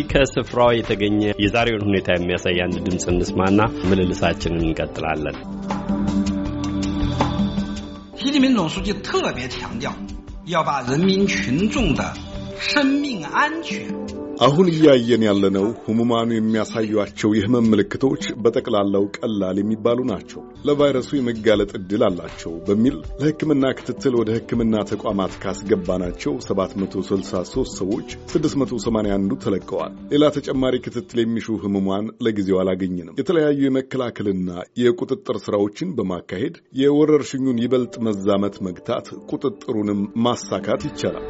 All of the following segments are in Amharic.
习近平总书记特别强调，要把人民群众的生命安全。አሁን እያየን ያለነው ህሙማኑ የሚያሳዩቸው የህመም ምልክቶች በጠቅላላው ቀላል የሚባሉ ናቸው። ለቫይረሱ የመጋለጥ ዕድል አላቸው በሚል ለሕክምና ክትትል ወደ ሕክምና ተቋማት ካስገባናቸው 763 ሰዎች 681ዱ ተለቀዋል። ሌላ ተጨማሪ ክትትል የሚሹ ህሙማን ለጊዜው አላገኘንም። የተለያዩ የመከላከልና የቁጥጥር ስራዎችን በማካሄድ የወረርሽኙን ይበልጥ መዛመት መግታት፣ ቁጥጥሩንም ማሳካት ይቻላል።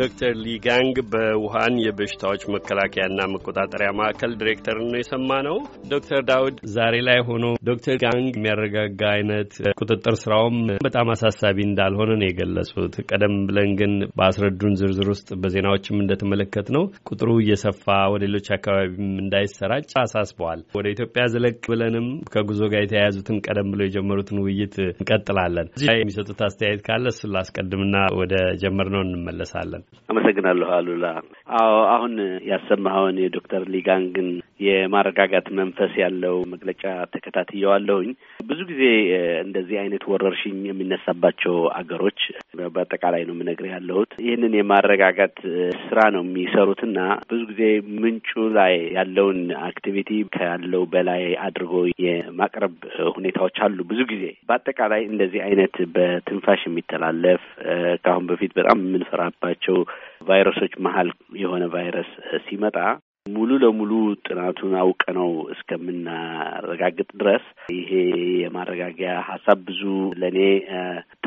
ዶክተር ሊጋንግ በውሃን የበሽታዎች መከላከያና መቆጣጠሪያ ማዕከል ዲሬክተር ነው የሰማ ነው። ዶክተር ዳውድ ዛሬ ላይ ሆኖ ዶክተር ጋንግ የሚያረጋጋ አይነት ቁጥጥር ስራውም በጣም አሳሳቢ እንዳልሆነ ነው የገለጹት። ቀደም ብለን ግን በአስረዱን ዝርዝር ውስጥ በዜናዎችም እንደተመለከት ነው ቁጥሩ እየሰፋ ወደ ሌሎች አካባቢም እንዳይሰራጭ አሳስበዋል። ወደ ኢትዮጵያ ዘለቅ ብለንም ከጉዞ ጋር የተያያዙትን ቀደም ብሎ የጀመሩትን ውይይት እንቀጥላለን። እዚህ የሚሰጡት አስተያየት ካለ እሱን ላስቀድምና ወደ ጀመርነው እንመለሳለን። አመሰግናለሁ አሉላ። አዎ አሁን ያሰማኸውን የዶክተር ሊጋንግን የማረጋጋት መንፈስ ያለው መግለጫ ተከታትየዋለሁኝ። ብዙ ጊዜ እንደዚህ አይነት ወረርሽኝ የሚነሳባቸው አገሮች በአጠቃላይ ነው የምነግርህ ያለሁት ይህንን የማረጋጋት ስራ ነው የሚሰሩትና ብዙ ጊዜ ምንጩ ላይ ያለውን አክቲቪቲ ካለው በላይ አድርጎ የማቅረብ ሁኔታዎች አሉ። ብዙ ጊዜ በአጠቃላይ እንደዚህ አይነት በትንፋሽ የሚተላለፍ ከአሁን በፊት በጣም የምንፈራባቸው ቫይረሶች መሀል የሆነ ቫይረስ ሲመጣ ሙሉ ለሙሉ ጥናቱን ነው እስከምናረጋግጥ ድረስ ይሄ የማረጋጊያ ሀሳብ ብዙ ለእኔ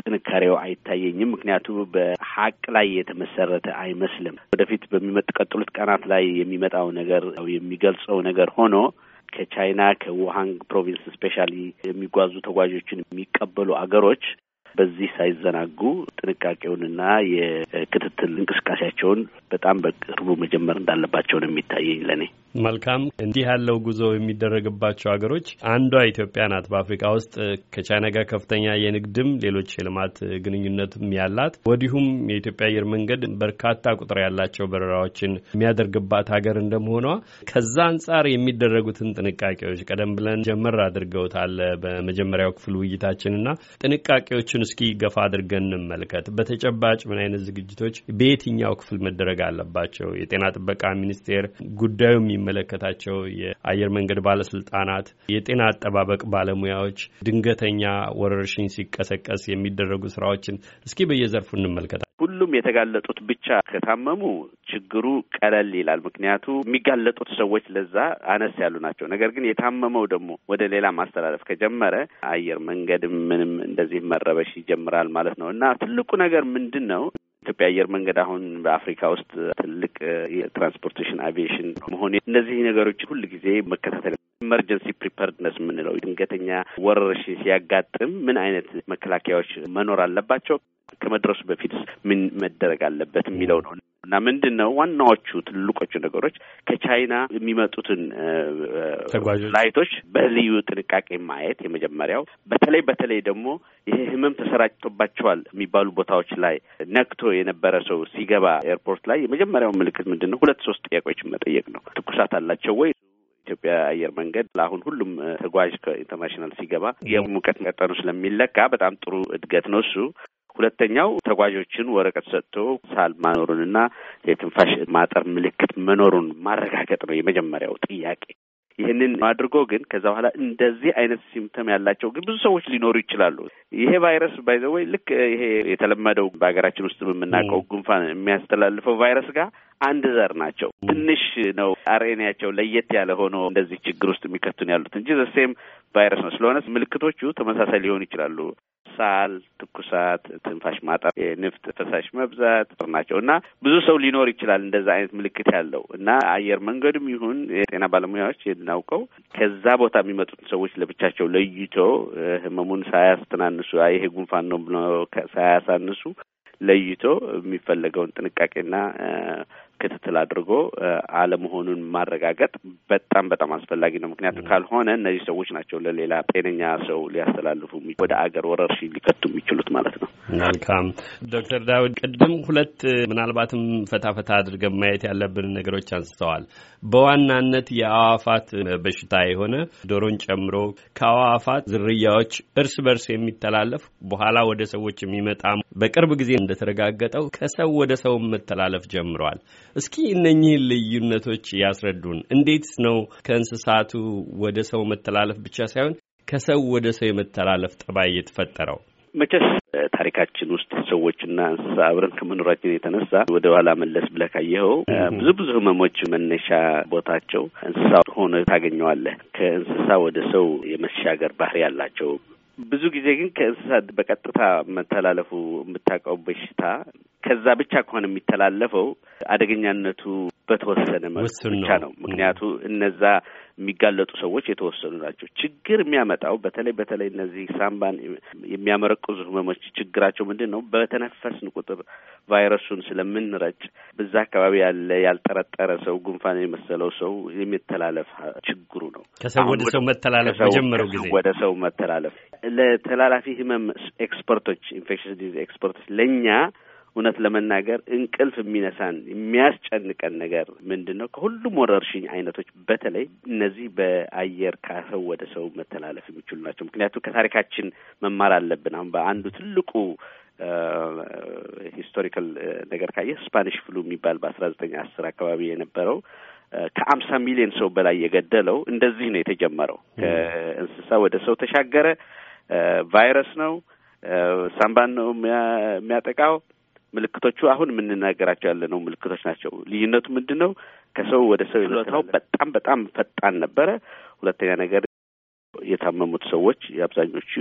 ጥንካሬው አይታየኝም። ምክንያቱም በሀቅ ላይ የተመሰረተ አይመስልም። ወደፊት በሚቀጥሉት ቀናት ላይ የሚመጣው ነገር የሚገልጸው ነገር ሆኖ ከቻይና ከውሃንግ ፕሮቪንስ ስፔሻሊ የሚጓዙ ተጓዦችን የሚቀበሉ አገሮች በዚህ ሳይዘናጉ ጥንቃቄውንና የክትትል እንቅስቃሴያቸውን በጣም በቅርቡ መጀመር እንዳለባቸውን የሚታየኝ ለእኔ መልካም እንዲህ ያለው ጉዞ የሚደረግባቸው ሀገሮች አንዷ ኢትዮጵያ ናት። በአፍሪካ ውስጥ ከቻይና ጋር ከፍተኛ የንግድም ሌሎች የልማት ግንኙነትም ያላት ወዲሁም የኢትዮጵያ አየር መንገድ በርካታ ቁጥር ያላቸው በረራዎችን የሚያደርግባት ሀገር እንደመሆኗ ከዛ አንጻር የሚደረጉትን ጥንቃቄዎች ቀደም ብለን ጀመር አድርገውታል በመጀመሪያው ክፍል ውይይታችንና ጥንቃቄዎችን እስኪ ገፋ አድርገን እንመልከት። በተጨባጭ ምን አይነት ዝግጅቶች በየትኛው ክፍል መደረግ አለባቸው? የጤና ጥበቃ ሚኒስቴር ጉዳዩ የሚመለከታቸው የአየር መንገድ ባለስልጣናት፣ የጤና አጠባበቅ ባለሙያዎች ድንገተኛ ወረርሽኝ ሲቀሰቀስ የሚደረጉ ስራዎችን እስኪ በየዘርፉ እንመልከታል። ሁሉም የተጋለጡት ብቻ ከታመሙ ችግሩ ቀለል ይላል። ምክንያቱ የሚጋለጡት ሰዎች ለዛ አነስ ያሉ ናቸው። ነገር ግን የታመመው ደግሞ ወደ ሌላ ማስተላለፍ ከጀመረ አየር መንገድ ምንም እንደዚህ መረበሽ ይጀምራል ማለት ነው እና ትልቁ ነገር ምንድን ነው ኢትዮጵያ አየር መንገድ አሁን በአፍሪካ ውስጥ ትልቅ የትራንስፖርቴሽን አቪዬሽን መሆን እነዚህ ነገሮች ሁል ጊዜ መከታተል ኢመርጀንሲ የምንለው ድንገተኛ ወረርሽኝ ሲያጋጥም ምን አይነት መከላከያዎች መኖር አለባቸው፣ ከመድረሱ በፊት ምን መደረግ አለበት የሚለው ነው እና ምንድን ነው ዋናዎቹ ትልቆቹ ነገሮች ከቻይና የሚመጡትን ፍላይቶች በልዩ ጥንቃቄ ማየት የመጀመሪያው። በተለይ በተለይ ደግሞ ይሄ ህመም ተሰራጭቶባቸዋል የሚባሉ ቦታዎች ላይ ነክቶ የነበረ ሰው ሲገባ ኤርፖርት ላይ የመጀመሪያው ምልክት ምንድን ነው? ሁለት ሶስት ጥያቄዎችን መጠየቅ ነው። ትኩሳት አላቸው ወይ? የኢትዮጵያ አየር መንገድ ለአሁን ሁሉም ተጓዥ ከኢንተርናሽናል ሲገባ የሙቀት መጠኑ ስለሚለካ በጣም ጥሩ እድገት ነው እሱ። ሁለተኛው ተጓዦችን ወረቀት ሰጥቶ ሳል ማኖሩንና የትንፋሽ ማጠር ምልክት መኖሩን ማረጋገጥ ነው የመጀመሪያው ጥያቄ። ይህንን አድርጎ ግን ከዛ በኋላ እንደዚህ አይነት ሲምፕተም ያላቸው ግን ብዙ ሰዎች ሊኖሩ ይችላሉ። ይሄ ቫይረስ ባይዘወይ ልክ ይሄ የተለመደው በሀገራችን ውስጥ የምናውቀው ጉንፋን የሚያስተላልፈው ቫይረስ ጋር አንድ ዘር ናቸው። ትንሽ ነው አርኤንያቸው ለየት ያለ ሆኖ እንደዚህ ችግር ውስጥ የሚከቱን ያሉት እንጂ ዘሴም ቫይረስ ነው። ስለሆነ ምልክቶቹ ተመሳሳይ ሊሆኑ ይችላሉ። ሳል፣ ትኩሳት፣ ትንፋሽ ማጠር፣ የንፍጥ ፈሳሽ መብዛት ናቸው እና ብዙ ሰው ሊኖር ይችላል እንደዛ አይነት ምልክት ያለው እና አየር መንገድም ይሁን የጤና ባለሙያዎች የምናውቀው ከዛ ቦታ የሚመጡትን ሰዎች ለብቻቸው ለይቶ ህመሙን ሳያስተናንሱ ይሄ ጉንፋን ነው ብሎ ሳያሳንሱ ለይቶ የሚፈለገውን ጥንቃቄና ክትትል አድርጎ አለመሆኑን ማረጋገጥ በጣም በጣም አስፈላጊ ነው። ምክንያቱም ካልሆነ እነዚህ ሰዎች ናቸው ለሌላ ጤነኛ ሰው ሊያስተላልፉ ወደ አገር ወረርሽኝ ሊከቱ የሚችሉት ማለት ነው። መልካም ዶክተር ዳዊድ ቅድም ሁለት ምናልባትም ፈታፈታ አድርገን ማየት ያለብን ነገሮች አንስተዋል። በዋናነት የአዋፋት በሽታ የሆነ ዶሮን ጨምሮ ከአዋፋት ዝርያዎች እርስ በርስ የሚተላለፍ በኋላ ወደ ሰዎች የሚመጣ በቅርብ ጊዜ እንደተረጋገጠው ከሰው ወደ ሰው መተላለፍ ጀምሯል። እስኪ እነኚህን ልዩነቶች ያስረዱን። እንዴት ነው ከእንስሳቱ ወደ ሰው መተላለፍ ብቻ ሳይሆን ከሰው ወደ ሰው የመተላለፍ ጠባይ የተፈጠረው? መቼስ ታሪካችን ውስጥ ሰዎችና እንስሳ አብረን ከመኖራችን የተነሳ ወደ ኋላ መለስ ብለህ ካየኸው ብዙ ብዙ ህመሞች መነሻ ቦታቸው እንስሳ ሆነ ታገኘዋለህ። ከእንስሳ ወደ ሰው የመሻገር ባህሪ ያላቸው ብዙ ጊዜ ግን ከእንስሳት በቀጥታ መተላለፉ የምታውቀው በሽታ ከዛ ብቻ ከሆነ የሚተላለፈው አደገኛነቱ በተወሰነ ብቻ ነው። ምክንያቱ እነዛ የሚጋለጡ ሰዎች የተወሰኑ ናቸው። ችግር የሚያመጣው በተለይ በተለይ እነዚህ ሳምባን የሚያመረቅዙ ህመሞች ችግራቸው ምንድን ነው? በተነፈስን ቁጥር ቫይረሱን ስለምንረጭ በዛ አካባቢ ያለ ያልጠረጠረ ሰው ጉንፋን የመሰለው ሰው የሚተላለፍ ችግሩ ነው። ከሰው ወደ ሰው መተላለፍ መጀመሪያው ጊዜ ወደ ሰው መተላለፍ ለተላላፊ ህመም ኤክስፐርቶች ኢንፌክሽን ዲዝ ኤክስፐርቶች ለእኛ እውነት ለመናገር እንቅልፍ የሚነሳን የሚያስጨንቀን ነገር ምንድን ነው? ከሁሉም ወረርሽኝ አይነቶች በተለይ እነዚህ በአየር ከሰው ወደ ሰው መተላለፍ የሚችሉ ናቸው። ምክንያቱም ከታሪካችን መማር አለብን። አሁን በአንዱ ትልቁ ሂስቶሪካል ነገር ካየ ስፓኒሽ ፍሉ የሚባል በአስራ ዘጠኝ አስር አካባቢ የነበረው ከአምሳ ሚሊዮን ሰው በላይ የገደለው እንደዚህ ነው የተጀመረው። ከእንስሳ ወደ ሰው ተሻገረ። ቫይረስ ነው፣ ሳምባን ነው የሚያጠቃው ምልክቶቹ አሁን የምንናገራቸው ያለነው ምልክቶች ናቸው። ልዩነቱ ምንድን ነው? ከሰው ወደ ሰው ይለታው በጣም በጣም ፈጣን ነበረ። ሁለተኛ ነገር የታመሙት ሰዎች የአብዛኞቹ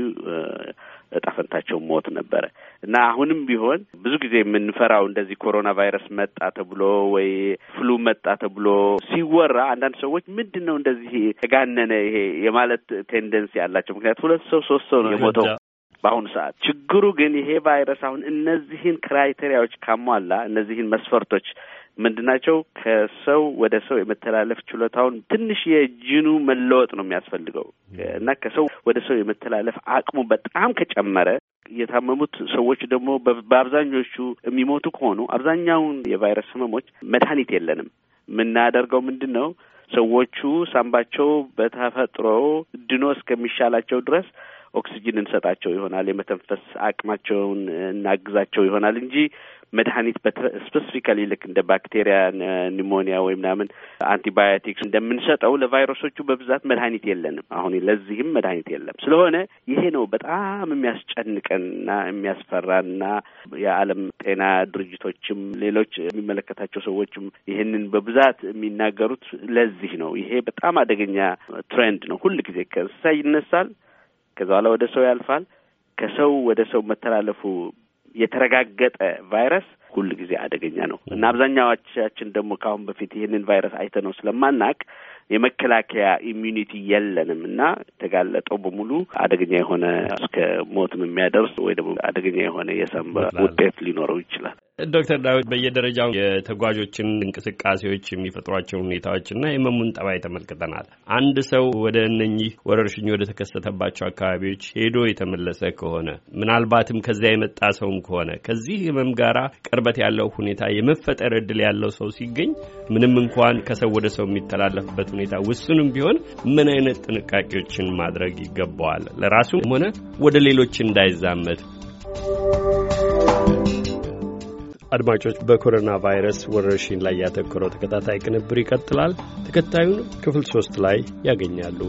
እጣ ፈንታቸው ሞት ነበረ እና አሁንም ቢሆን ብዙ ጊዜ የምንፈራው እንደዚህ ኮሮና ቫይረስ መጣ ተብሎ ወይ ፍሉ መጣ ተብሎ ሲወራ አንዳንድ ሰዎች ምንድን ነው እንደዚህ የጋነነ ይሄ የማለት ቴንደንሲ ያላቸው። ምክንያት ሁለት ሰው ሶስት ሰው ነው የሞተው በአሁኑ ሰዓት። ችግሩ ግን ይሄ ቫይረስ አሁን እነዚህን ክራይቴሪያዎች ካሟላ እነዚህን መስፈርቶች ምንድናቸው ናቸው? ከሰው ወደ ሰው የመተላለፍ ችሎታውን ትንሽ የጅኑ መለወጥ ነው የሚያስፈልገው እና ከሰው ወደ ሰው የመተላለፍ አቅሙ በጣም ከጨመረ የታመሙት ሰዎች ደግሞ በአብዛኞቹ የሚሞቱ ከሆኑ አብዛኛውን የቫይረስ ህመሞች መድኃኒት የለንም። የምናደርገው ምንድን ነው? ሰዎቹ ሳምባቸው በተፈጥሮ ድኖ እስከሚሻላቸው ድረስ ኦክሲጅን እንሰጣቸው ይሆናል፣ የመተንፈስ አቅማቸውን እናግዛቸው ይሆናል እንጂ መድኃኒት ስፔሲፊካሊ ልክ እንደ ባክቴሪያ ኒሞኒያ ወይ ምናምን አንቲባዮቲክስ እንደምንሰጠው ለቫይረሶቹ በብዛት መድኃኒት የለንም። አሁን ለዚህም መድኃኒት የለም። ስለሆነ ይሄ ነው በጣም የሚያስጨንቀንና የሚያስፈራና የዓለም ጤና ድርጅቶችም ሌሎች የሚመለከታቸው ሰዎችም ይህንን በብዛት የሚናገሩት ለዚህ ነው። ይሄ በጣም አደገኛ ትሬንድ ነው። ሁል ጊዜ ከእንስሳ ይነሳል ከዛ በኋላ ወደ ሰው ያልፋል። ከሰው ወደ ሰው መተላለፉ የተረጋገጠ ቫይረስ ሁል ጊዜ አደገኛ ነው እና አብዛኛዎቻችን ደግሞ ከአሁን በፊት ይህንን ቫይረስ አይተነው ስለማናቅ የመከላከያ ኢሚዩኒቲ የለንም እና ተጋለጠው በሙሉ አደገኛ የሆነ እስከ ሞትም የሚያደርስ ወይ ደግሞ አደገኛ የሆነ የሰም ውጤት ሊኖረው ይችላል። ዶክተር ዳዊት በየደረጃው የተጓዦችን እንቅስቃሴዎች የሚፈጥሯቸውን ሁኔታዎች እና የመሙን ጠባይ ተመልክተናል። አንድ ሰው ወደ እነኚህ ወረርሽኝ ወደ ተከሰተባቸው አካባቢዎች ሄዶ የተመለሰ ከሆነ ምናልባትም ከዚያ የመጣ ሰውም ከሆነ ከዚህ ህመም ጋራ ቅርበት ያለው ሁኔታ የመፈጠር እድል ያለው ሰው ሲገኝ ምንም እንኳን ከሰው ወደ ሰው የሚተላለፍበት ሁኔታ ውስኑም ቢሆን ምን አይነት ጥንቃቄዎችን ማድረግ ይገባዋል? ለራሱም ሆነ ወደ ሌሎች እንዳይዛመት አድማጮች በኮሮና ቫይረስ ወረርሽኝ ላይ ያተኮረው ተከታታይ ቅንብር ይቀጥላል። ተከታዩን ክፍል ሶስት ላይ ያገኛሉ።